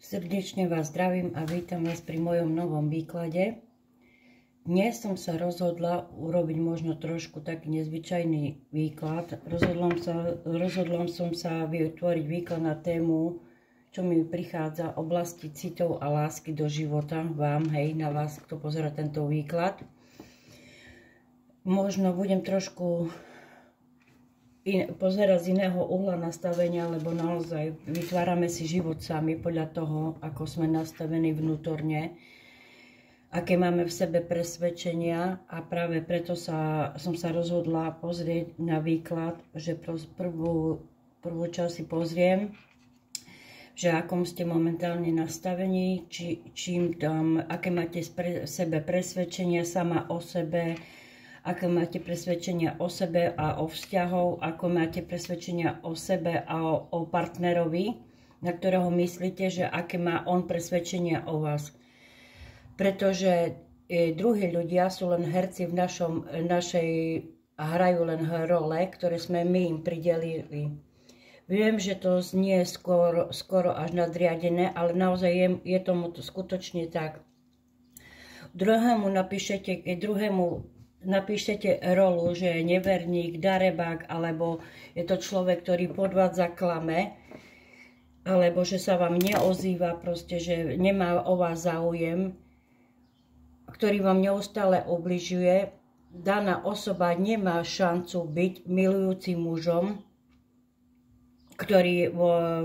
Srdečne vás zdravím a vítam vás pri mojom novom výklade. Dnes som sa rozhodla urobiť možno trošku taký nezvyčajný výklad. Rozhodla som sa vytvoriť výklad na tému, čo mi prichádza oblasti citov a lásky do života vám, hej, na vás, kto pozera tento výklad. Možno budem trošku in, pozerať z iného uhla nastavenia, lebo naozaj vytvárame si život sami podľa toho, ako sme nastavení vnútorne, aké máme v sebe presvedčenia a práve preto sa, som sa rozhodla pozrieť na výklad, že prvú, prvú časť si pozriem, že akom ste momentálne nastavení, či, čím tam, aké máte v sebe presvedčenia sama o sebe, aké máte presvedčenia o sebe a o vzťahov, ako máte presvedčenia o sebe a o, o partnerovi, na ktorého myslíte, že aké má on presvedčenia o vás. Pretože e, druhí ľudia sú len herci v našom, e, našej a hrajú len role, ktoré sme my im pridelili. Viem, že to znie skoro, skoro až nadriadené, ale naozaj je, je tomu to skutočne tak. Druhému napíšete, e, druhému napíšete rolu, že je neverník, darebák, alebo je to človek, ktorý podvádza klame, alebo že sa vám neozýva, proste, že nemá o vás záujem, ktorý vám neustále obližuje, daná osoba nemá šancu byť milujúcim mužom, ktorý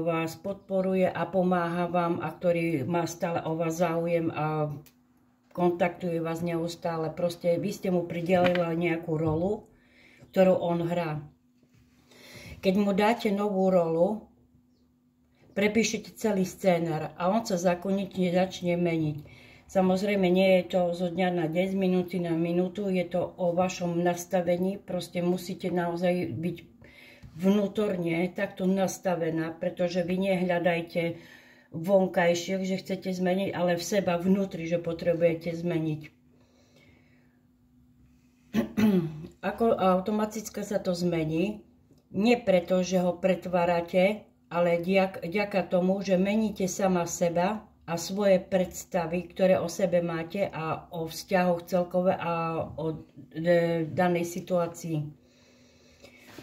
vás podporuje a pomáha vám a ktorý má stále o vás záujem a kontaktuje vás neustále. Proste vy ste mu pridelili nejakú rolu, ktorú on hrá. Keď mu dáte novú rolu, prepíšete celý scénar a on sa zákonitne začne meniť. Samozrejme, nie je to zo dňa na deň, z minúty na minútu, je to o vašom nastavení, proste musíte naozaj byť vnútorne takto nastavená, pretože vy nehľadajte vonkajšiek, že chcete zmeniť, ale v seba vnútri, že potrebujete zmeniť. Ako automaticky sa to zmení, nie preto, že ho pretvárate, ale ďaká tomu, že meníte sama seba a svoje predstavy, ktoré o sebe máte a o vzťahoch celkové a o e, danej situácii.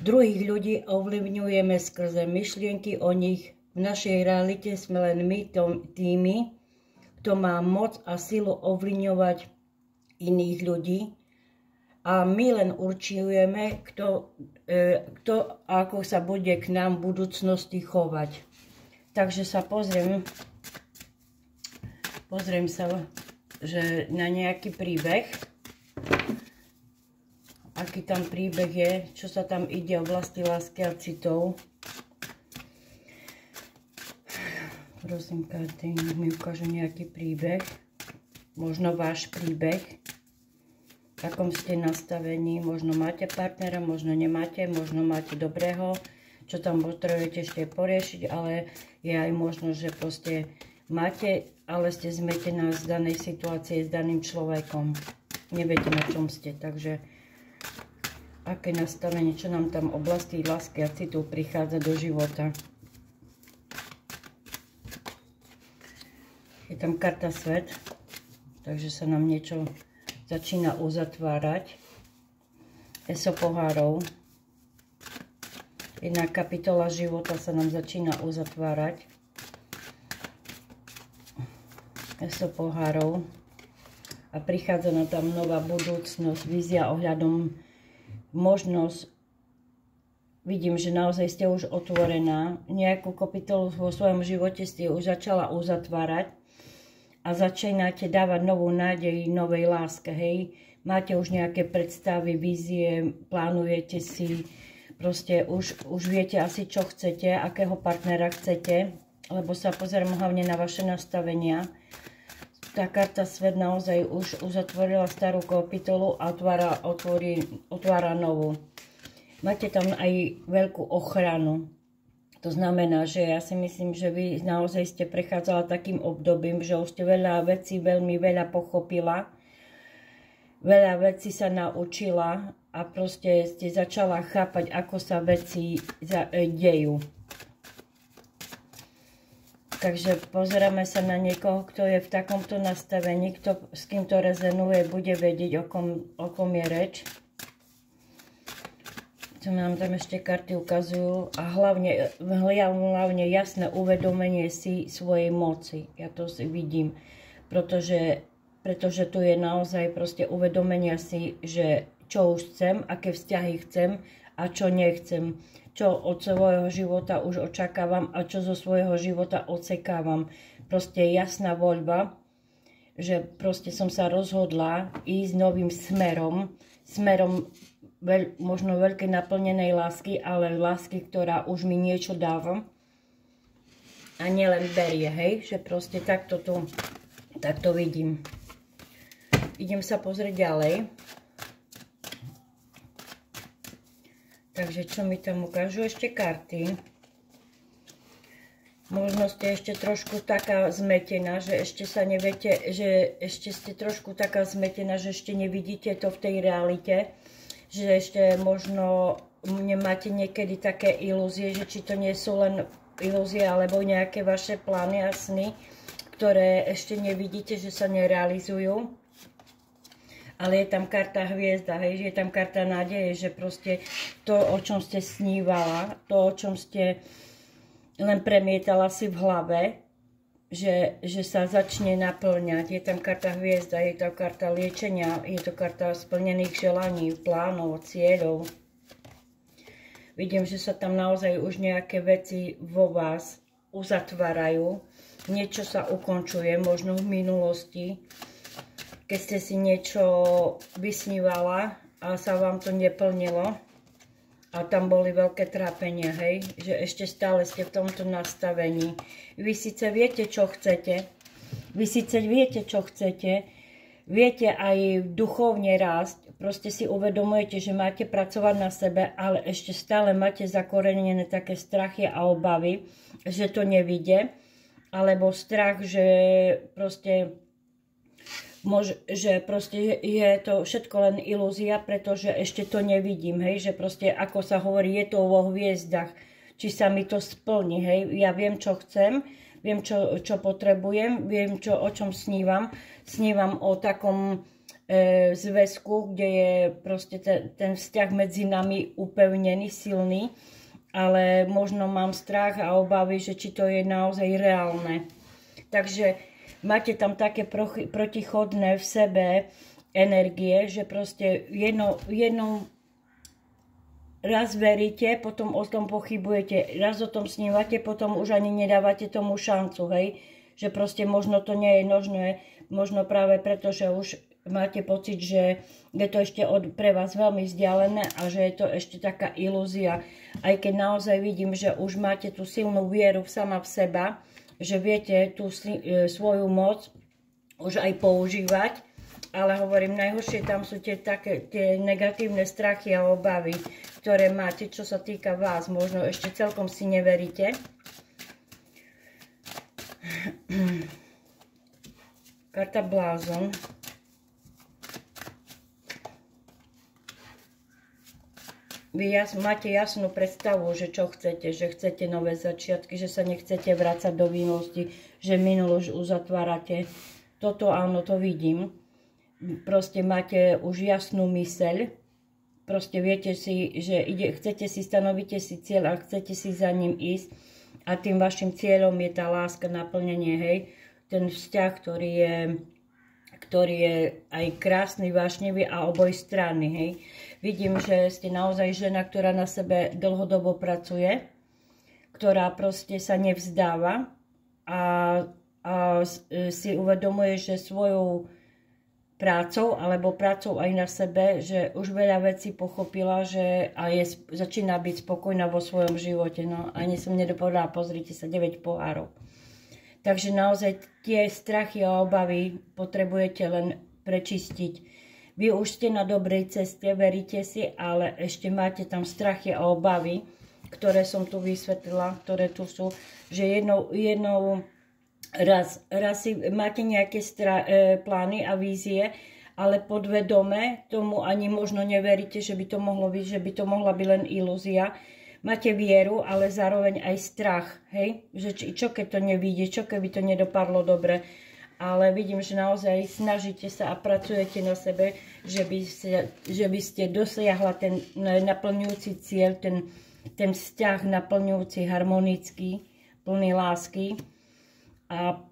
Druhých ľudí ovlivňujeme skrze myšlienky o nich, v našej realite sme len my tými, kto má moc a silu ovlivňovať iných ľudí a my len určujeme, kto, e, kto ako sa bude k nám v budúcnosti chovať. Takže sa pozriem, pozriem sa že na nejaký príbeh, aký tam príbeh je, čo sa tam ide o vlasti lásky a citov. prosím, každý mi ukáže nejaký príbeh, možno váš príbeh, v akom ste nastavení, možno máte partnera, možno nemáte, možno máte dobrého, čo tam potrebujete ešte poriešiť, ale je aj možno, že proste máte, ale ste zmetená z danej situácie s daným človekom. Neviete, na čom ste, takže aké nastavenie, čo nám tam oblasti lásky a citu prichádza do života. Je tam karta svet, takže sa nám niečo začína uzatvárať. Eso pohárov. Jedna kapitola života sa nám začína uzatvárať. Eso pohárov. A prichádza na tam nová budúcnosť, vízia ohľadom možnosť vidím, že naozaj ste už otvorená. Nejakú kapitolu vo svojom živote ste už začala uzatvárať a začínate dávať novú nádej, novej láske, hej. Máte už nejaké predstavy, vízie, plánujete si, proste už, už viete asi, čo chcete, akého partnera chcete, lebo sa pozerám hlavne na vaše nastavenia. Tá karta svet naozaj už uzatvorila starú kapitolu a otvára, otvorí, otvára novú. Máte tam aj veľkú ochranu to znamená, že ja si myslím, že vy naozaj ste prechádzala takým obdobím, že už ste veľa vecí, veľmi veľa pochopila, veľa vecí sa naučila a proste ste začala chápať, ako sa veci e, dejú. Takže pozeráme sa na niekoho, kto je v takomto nastavení, kto, s kým to rezonuje, bude vedieť, o kom, o kom je reč čo nám tam ešte karty ukazujú a hlavne, hlavne jasné uvedomenie si svojej moci. Ja to si vidím, pretože, pretože tu je naozaj proste uvedomenia si, že čo už chcem, aké vzťahy chcem a čo nechcem, čo od svojho života už očakávam a čo zo svojho života ocekávam. Proste jasná voľba, že proste som sa rozhodla ísť novým smerom, smerom veľ, možno veľkej naplnenej lásky, ale lásky, ktorá už mi niečo dáva. A nielen berie, hej, že proste takto to, takto vidím. Idem sa pozrieť ďalej. Takže čo mi tam ukážu ešte karty? Možno ste ešte trošku taká zmetená, že ešte sa neviete, že ešte ste trošku taká zmetená, že ešte nevidíte to v tej realite že ešte možno nemáte niekedy také ilúzie, že či to nie sú len ilúzie alebo nejaké vaše plány a sny, ktoré ešte nevidíte, že sa nerealizujú ale je tam karta hviezda, hej, že je tam karta nádeje, že proste to, o čom ste snívala, to, o čom ste len premietala si v hlave, že, že sa začne naplňať. Je tam karta hviezda, je to karta liečenia, je to karta splnených želaní, plánov, cieľov. Vidím, že sa tam naozaj už nejaké veci vo vás uzatvárajú. Niečo sa ukončuje, možno v minulosti. Keď ste si niečo vysnívala a sa vám to neplnilo, a tam boli veľké trápenia, hej? Že ešte stále ste v tomto nastavení. Vy síce viete, čo chcete. Vy síce viete, čo chcete. Viete aj duchovne rásť. Proste si uvedomujete, že máte pracovať na sebe, ale ešte stále máte zakorenené také strachy a obavy, že to nevidie. Alebo strach, že proste že proste je to všetko len ilúzia, pretože ešte to nevidím, hej, že proste ako sa hovorí, je to vo hviezdach, či sa mi to splní, hej, ja viem, čo chcem, viem, čo, čo potrebujem, viem, čo, o čom snívam, snívam o takom e, zväzku, kde je proste ten, ten vzťah medzi nami upevnený, silný, ale možno mám strach a obavy, že či to je naozaj reálne. Takže máte tam také protichodné v sebe energie, že proste jedno, jednom raz veríte, potom o tom pochybujete, raz o tom snívate, potom už ani nedávate tomu šancu, hej? Že proste možno to nie je nožné, možno práve preto, že už máte pocit, že je to ešte od, pre vás veľmi vzdialené a že je to ešte taká ilúzia. Aj keď naozaj vidím, že už máte tú silnú vieru sama v seba, že viete tú e, svoju moc už aj používať, ale hovorím, najhoršie tam sú tie, také, tie negatívne strachy a obavy, ktoré máte, čo sa týka vás. Možno ešte celkom si neveríte. Karta blázon. vy jas, máte jasnú predstavu, že čo chcete, že chcete nové začiatky, že sa nechcete vrácať do minulosti, že minulosť uzatvárate. Toto áno, to vidím. Proste máte už jasnú myseľ, proste viete si, že ide, chcete si, stanovíte si cieľ a chcete si za ním ísť a tým vašim cieľom je tá láska, naplnenie, hej, ten vzťah, ktorý je, ktorý je aj krásny, vášnevý a oboj strany, hej. Vidím, že ste naozaj žena, ktorá na sebe dlhodobo pracuje, ktorá proste sa nevzdáva a, a si uvedomuje, že svojou prácou alebo prácou aj na sebe, že už veľa vecí pochopila že a je, začína byť spokojná vo svojom živote. No, ani som nedopovedala, pozrite sa, 9 pohárov. Takže naozaj tie strachy a obavy potrebujete len prečistiť vy už ste na dobrej ceste, veríte si, ale ešte máte tam strachy a obavy, ktoré som tu vysvetlila, ktoré tu sú, že jednou, jednou raz, raz si máte nejaké stra, e, plány a vízie, ale podvedome tomu ani možno neveríte, že by to mohlo byť, že by to mohla byť len ilúzia. Máte vieru, ale zároveň aj strach, hej? Že čo, čo keď to nevíde, čo keby to nedopadlo dobre ale vidím, že naozaj snažíte sa a pracujete na sebe, že by, ste, že by ste dosiahla ten naplňujúci cieľ, ten, ten vzťah naplňujúci, harmonický, plný lásky a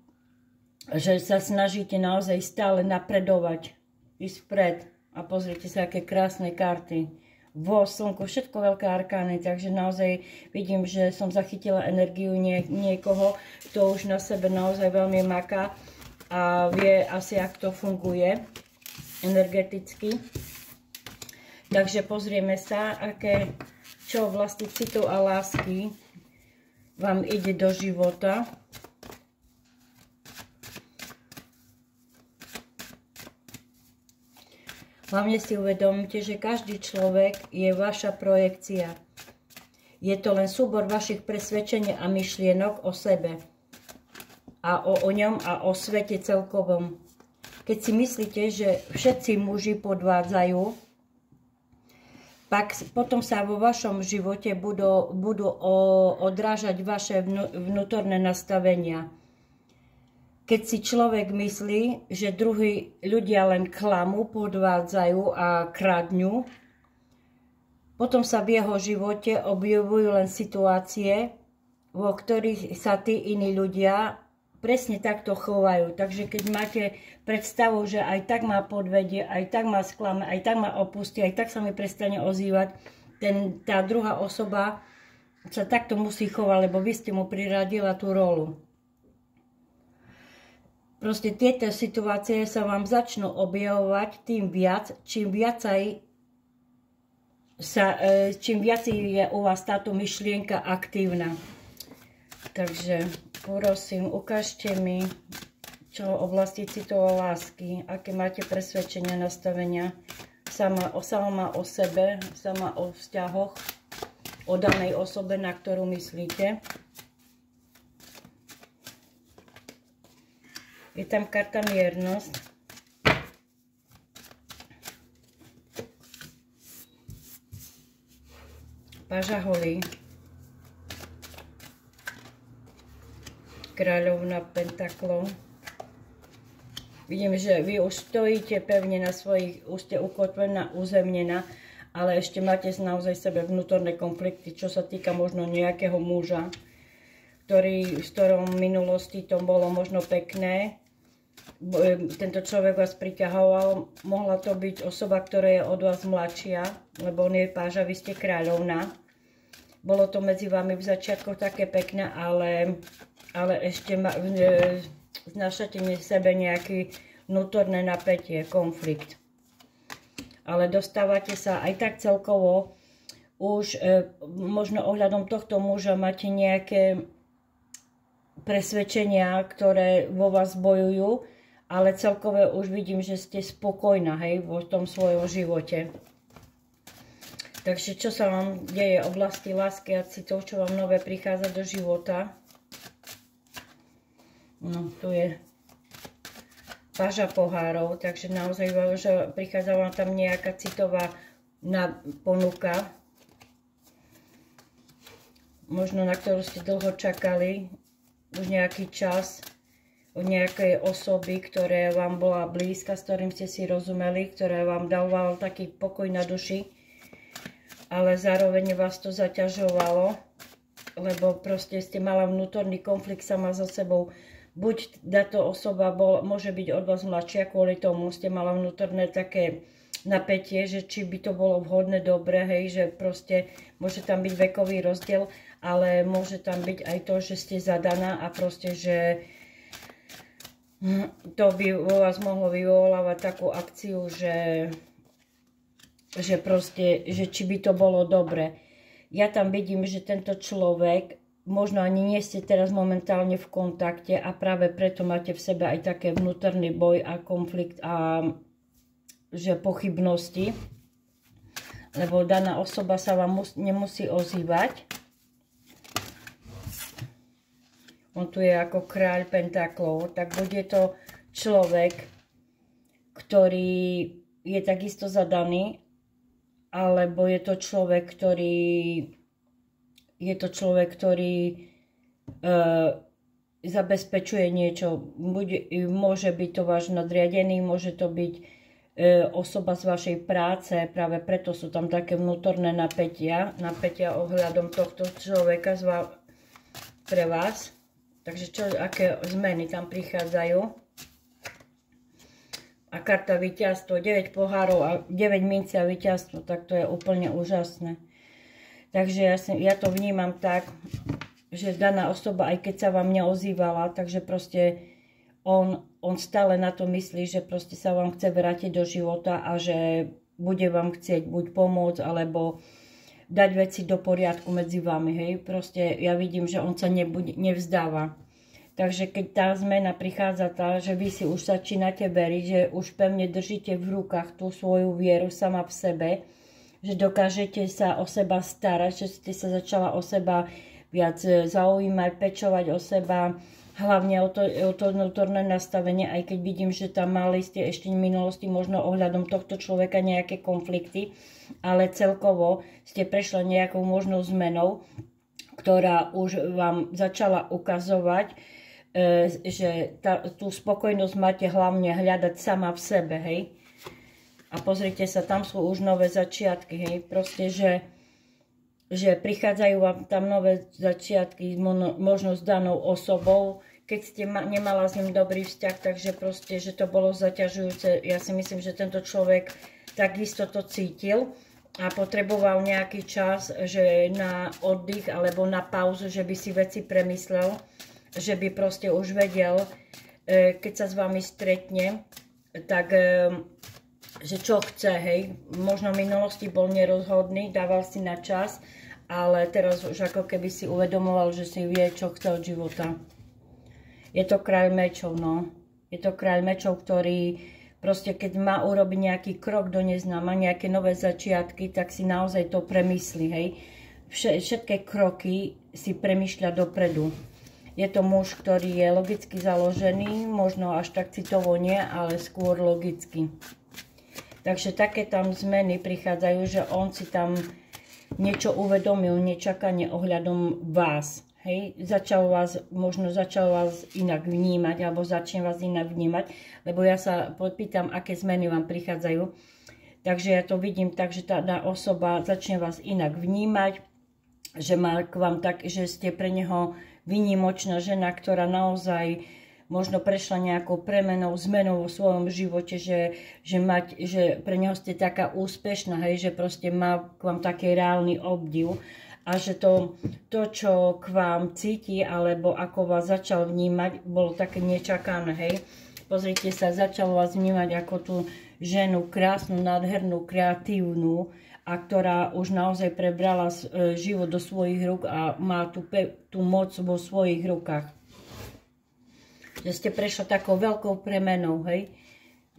že sa snažíte naozaj stále napredovať, ísť vpred a pozrite sa, aké krásne karty vo slnku, všetko veľké arkány, takže naozaj vidím, že som zachytila energiu nie, niekoho, kto už na sebe naozaj veľmi maká a vie asi, ak to funguje energeticky. Takže pozrieme sa, aké, čo vlastne citu a lásky vám ide do života. Hlavne si uvedomte, že každý človek je vaša projekcia. Je to len súbor vašich presvedčení a myšlienok o sebe a o, o ňom a o svete celkovom. Keď si myslíte, že všetci muži podvádzajú, pak potom sa vo vašom živote budú, budú o, odrážať vaše vnú, vnútorné nastavenia. Keď si človek myslí, že druhí ľudia len klamu, podvádzajú a kradňu, potom sa v jeho živote objavujú len situácie, vo ktorých sa tí iní ľudia presne takto chovajú. Takže keď máte predstavu, že aj tak ma podvedie, aj tak ma sklame, aj tak ma opustí, aj tak sa mi prestane ozývať, ten, tá druhá osoba sa takto musí chovať, lebo vy ste mu priradila tú rolu. Proste tieto situácie sa vám začnú objavovať tým viac, čím viac aj sa, e, čím viac je u vás táto myšlienka aktívna. Takže Prosím, ukážte mi, čo v oblasti citov a lásky, aké máte presvedčenia, nastavenia sama, sama o sebe, sama o vzťahoch, o danej osobe, na ktorú myslíte. Je tam karta miernosť. Paža holí. kráľovna pentaklov. Vidím, že vy už stojíte pevne na svojich, už ste ukotvená, uzemnená, ale ešte máte naozaj sebe vnútorné konflikty, čo sa týka možno nejakého muža, ktorý, v ktorom v minulosti to bolo možno pekné. E, tento človek vás priťahoval, mohla to byť osoba, ktorá je od vás mladšia, lebo on je páža, vy ste kráľovná. Bolo to medzi vami v začiatku také pekné, ale ale ešte ma, e, znašate mi sebe nejaké vnútorné napätie, konflikt. Ale dostávate sa aj tak celkovo, už e, možno ohľadom tohto muža máte nejaké presvedčenia, ktoré vo vás bojujú, ale celkové už vidím, že ste spokojná, hej, vo tom svojom živote. Takže čo sa vám deje v oblasti lásky a citov, čo vám nové prichádza do života? No, tu je paža pohárov, takže naozaj že prichádzala tam nejaká citová na ponuka, možno na ktorú ste dlho čakali, už nejaký čas od nejakej osoby, ktorá vám bola blízka, s ktorým ste si rozumeli, ktorá vám dávala taký pokoj na duši, ale zároveň vás to zaťažovalo, lebo proste ste mala vnútorný konflikt sama so sebou, buď táto osoba bol, môže byť od vás mladšia, kvôli tomu ste mala vnútorné také napätie, že či by to bolo vhodné, dobré, hej, že proste môže tam byť vekový rozdiel, ale môže tam byť aj to, že ste zadaná a proste, že to by vo vás mohlo vyvolávať takú akciu, že, že proste, že či by to bolo dobre. Ja tam vidím, že tento človek možno ani nie ste teraz momentálne v kontakte a práve preto máte v sebe aj také vnútorný boj a konflikt a že pochybnosti, lebo daná osoba sa vám mus, nemusí ozývať. On tu je ako kráľ pentaklov, tak bude to človek, ktorý je takisto zadaný, alebo je to človek, ktorý je to človek, ktorý uh, zabezpečuje niečo. Bude, môže byť to váš nadriadený, môže to byť e, osoba z vašej práce, práve preto sú tam také vnútorné napätia, napätia ohľadom tohto človeka zva, pre vás. Takže čo, aké zmeny tam prichádzajú. A karta víťazstvo, 9 pohárov a 9 minci a víťazstvo, tak to je úplne úžasné. Takže ja, sem, ja to vnímam tak, že daná osoba, aj keď sa vám neozývala, takže proste on, on stále na to myslí, že proste sa vám chce vrátiť do života a že bude vám chcieť buď pomôcť, alebo dať veci do poriadku medzi vami, hej. Proste ja vidím, že on sa nebude, nevzdáva. Takže keď tá zmena prichádza tá, že vy si už začínate veriť, že už pevne držíte v rukách tú svoju vieru sama v sebe, že dokážete sa o seba starať, že ste sa začala o seba viac e, zaujímať, pečovať o seba, hlavne o to, o to vnútorné nastavenie, aj keď vidím, že tam mali ste ešte v minulosti možno ohľadom tohto človeka nejaké konflikty, ale celkovo ste prešla nejakou možnou zmenou, ktorá už vám začala ukazovať, e, že tá, tú spokojnosť máte hlavne hľadať sama v sebe, hej? A pozrite sa, tam sú už nové začiatky, hej. Proste, že, že prichádzajú vám tam nové začiatky, možno s danou osobou, keď ste ma, nemala s ním dobrý vzťah, takže proste, že to bolo zaťažujúce. Ja si myslím, že tento človek takisto to cítil a potreboval nejaký čas, že na oddych alebo na pauzu, že by si veci premyslel, že by proste už vedel, e, keď sa s vami stretne, tak e, že čo chce, hej. Možno v minulosti bol nerozhodný, dával si na čas, ale teraz už ako keby si uvedomoval, že si vie, čo chce od života. Je to kráľ mečov, no. Je to kráľ mečov, ktorý proste keď má urobiť nejaký krok do neznáma, nejaké nové začiatky, tak si naozaj to premyslí, hej. Všetké kroky si premyšľa dopredu. Je to muž, ktorý je logicky založený, možno až tak citovo nie, ale skôr logicky. Takže také tam zmeny prichádzajú, že on si tam niečo uvedomil, nečakanie ohľadom vás. Hej, začal vás, možno začal vás inak vnímať, alebo začne vás inak vnímať, lebo ja sa podpýtam, aké zmeny vám prichádzajú. Takže ja to vidím tak, že tá, osoba začne vás inak vnímať, že má k vám tak, že ste pre neho vynimočná žena, ktorá naozaj možno prešla nejakou premenou, zmenou vo svojom živote, že, že, mať, že pre neho ste taká úspešná, hej, že proste má k vám taký reálny obdiv a že to, to, čo k vám cíti, alebo ako vás začal vnímať, bolo také nečakané, hej. Pozrite sa, začal vás vnímať ako tú ženu krásnu, nádhernú, kreatívnu a ktorá už naozaj prebrala e, život do svojich rúk a má tú, tú moc vo svojich rukách že ste prešla takou veľkou premenou, hej?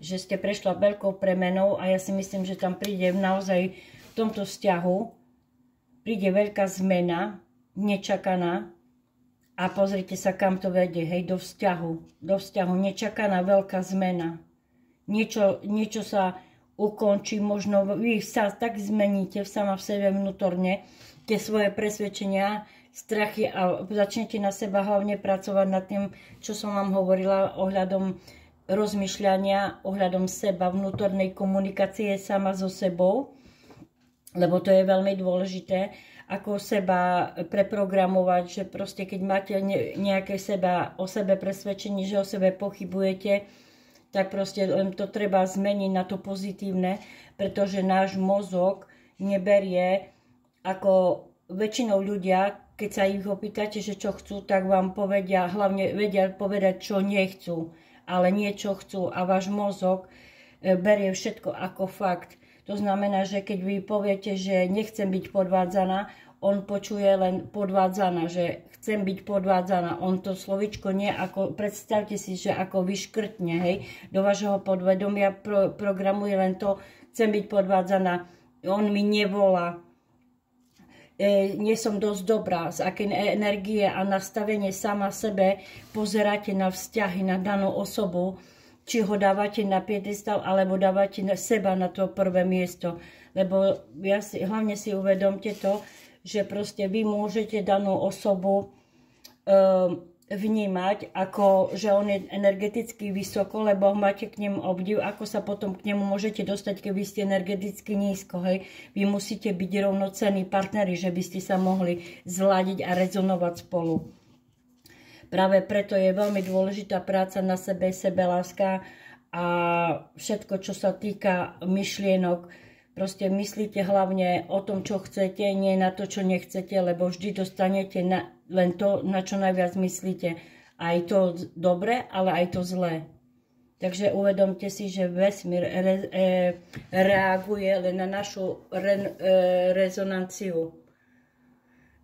Že ste prešla veľkou premenou a ja si myslím, že tam príde naozaj v tomto vzťahu príde veľká zmena, nečakaná a pozrite sa, kam to vedie, hej, do vzťahu. Do vzťahu, nečakaná veľká zmena. Niečo, niečo sa ukončí, možno vy sa tak zmeníte sama v sebe vnútorne, tie svoje presvedčenia, strachy a začnete na seba hlavne pracovať nad tým, čo som vám hovorila ohľadom rozmýšľania, ohľadom seba, vnútornej komunikácie sama so sebou, lebo to je veľmi dôležité, ako seba preprogramovať, že proste keď máte nejaké seba, o sebe presvedčenie, že o sebe pochybujete, tak proste len to treba zmeniť na to pozitívne, pretože náš mozog neberie ako väčšinou ľudia, keď sa ich opýtate, že čo chcú, tak vám povedia, hlavne vedia povedať, čo nechcú, ale niečo chcú a váš mozog e, berie všetko ako fakt. To znamená, že keď vy poviete, že nechcem byť podvádzaná, on počuje len podvádzaná, že chcem byť podvádzaná. On to slovičko nie ako, predstavte si, že ako vyškrtne, hej, do vašeho podvedomia pro, programuje len to, chcem byť podvádzaná, on mi nevolá, E, nie som dosť dobrá, z aké energie a nastavenie sama sebe pozeráte na vzťahy, na danú osobu, či ho dávate na piedestal, alebo dávate na seba na to prvé miesto. Lebo ja si, hlavne si uvedomte to, že proste vy môžete danú osobu um, vnímať, ako, že on je energeticky vysoko, lebo máte k nemu obdiv, ako sa potom k nemu môžete dostať, vy ste energeticky nízko, hej. Vy musíte byť rovnocenní partneri, že by ste sa mohli zladiť a rezonovať spolu. Práve preto je veľmi dôležitá práca na sebe, sebeláska a všetko, čo sa týka myšlienok, Proste myslíte hlavne o tom, čo chcete, nie na to, čo nechcete, lebo vždy dostanete na, len to, na čo najviac myslíte. Aj to dobre, ale aj to zlé. Takže uvedomte si, že vesmír re, e, reaguje len na našu re, e, rezonanciu.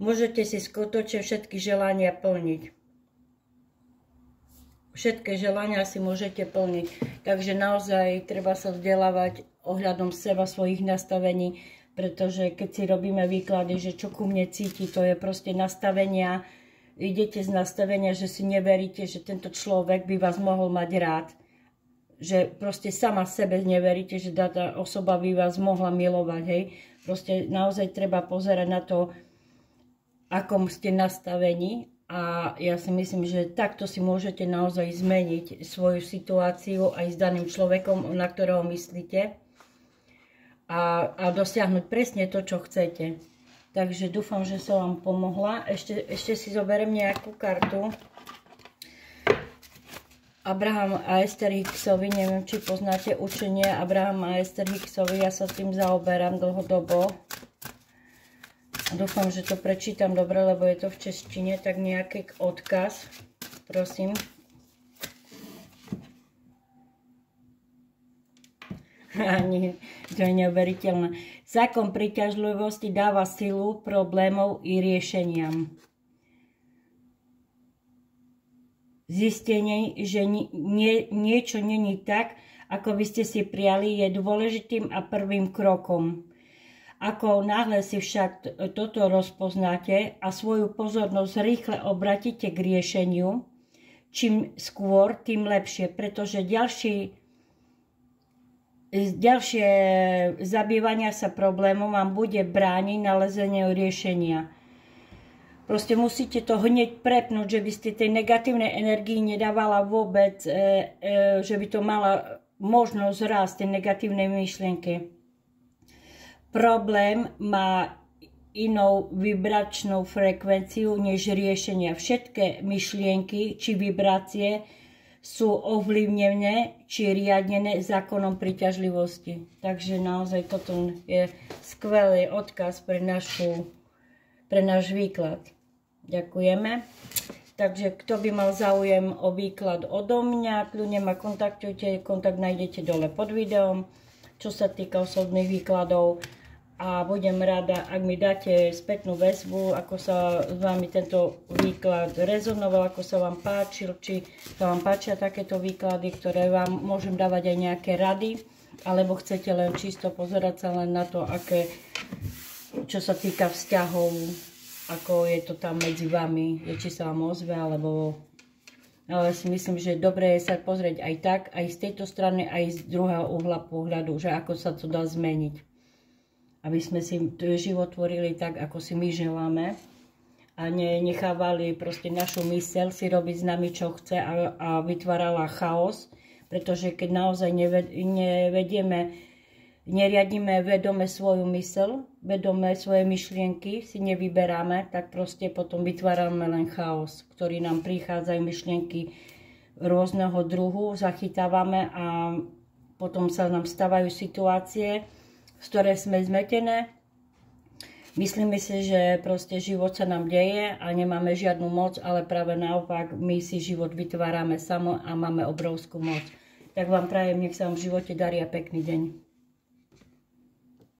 Môžete si skutočne všetky želania plniť všetké želania si môžete plniť. Takže naozaj treba sa vzdelávať ohľadom seba, svojich nastavení, pretože keď si robíme výklady, že čo ku mne cíti, to je proste nastavenia, idete z nastavenia, že si neveríte, že tento človek by vás mohol mať rád. Že proste sama sebe neveríte, že tá osoba by vás mohla milovať, hej. Proste naozaj treba pozerať na to, akom ste nastavení a ja si myslím, že takto si môžete naozaj zmeniť svoju situáciu aj s daným človekom, na ktorého myslíte. A, a dosiahnuť presne to, čo chcete. Takže dúfam, že som vám pomohla. Ešte, ešte si zoberiem nejakú kartu. Abraham a Esther Hicksovi, neviem, či poznáte učenie Abraham a Esther Hicksovi, ja sa tým zaoberám dlhodobo Dúfam, že to prečítam dobre, lebo je to v češtine, tak nejaký odkaz, prosím. Ani, to je neuveriteľné. Zákon priťažlivosti dáva silu problémov i riešeniam. Zistenie, že nie, niečo není tak, ako by ste si priali, je dôležitým a prvým krokom ako náhle si však toto rozpoznáte a svoju pozornosť rýchle obratíte k riešeniu, čím skôr, tým lepšie, pretože ďalší, ďalšie zabývania sa problémom vám bude brániť nalezeniu riešenia. Proste musíte to hneď prepnúť, že by ste tej negatívnej energii nedávala vôbec, e, e, že by to mala možnosť rásť tej negatívnej myšlienke. Problém má inou vibračnou frekvenciu než riešenia. Všetké myšlienky či vibrácie sú ovlivnené či riadnené zákonom priťažlivosti. Takže naozaj toto je skvelý odkaz pre, našu, pre náš výklad. Ďakujeme. Takže kto by mal záujem o výklad odo mňa, kľudne ma kontaktujte, kontakt nájdete dole pod videom čo sa týka osobných výkladov a budem rada, ak mi dáte spätnú väzbu, ako sa s vami tento výklad rezonoval, ako sa vám páčil, či sa vám páčia takéto výklady, ktoré vám môžem dávať aj nejaké rady, alebo chcete len čisto pozerať sa len na to, aké, čo sa týka vzťahov, ako je to tam medzi vami, je, či sa vám ozve, alebo si myslím, že dobre je sa pozrieť aj tak, aj z tejto strany, aj z druhého uhla pohľadu, že ako sa to dá zmeniť. Aby sme si život tvorili tak, ako si my želáme a nechávali proste našu myseľ si robiť s nami, čo chce a, a vytvárala chaos, pretože keď naozaj nevedieme neriadíme vedome svoju mysel, vedome svoje myšlienky, si nevyberáme, tak proste potom vytvárame len chaos, ktorý nám prichádzajú myšlienky rôzneho druhu, zachytávame a potom sa nám stávajú situácie, z ktoré sme zmetené. Myslíme si, že proste život sa nám deje a nemáme žiadnu moc, ale práve naopak my si život vytvárame samo a máme obrovskú moc. Tak vám prajem, nech sa vám v živote darí a pekný deň.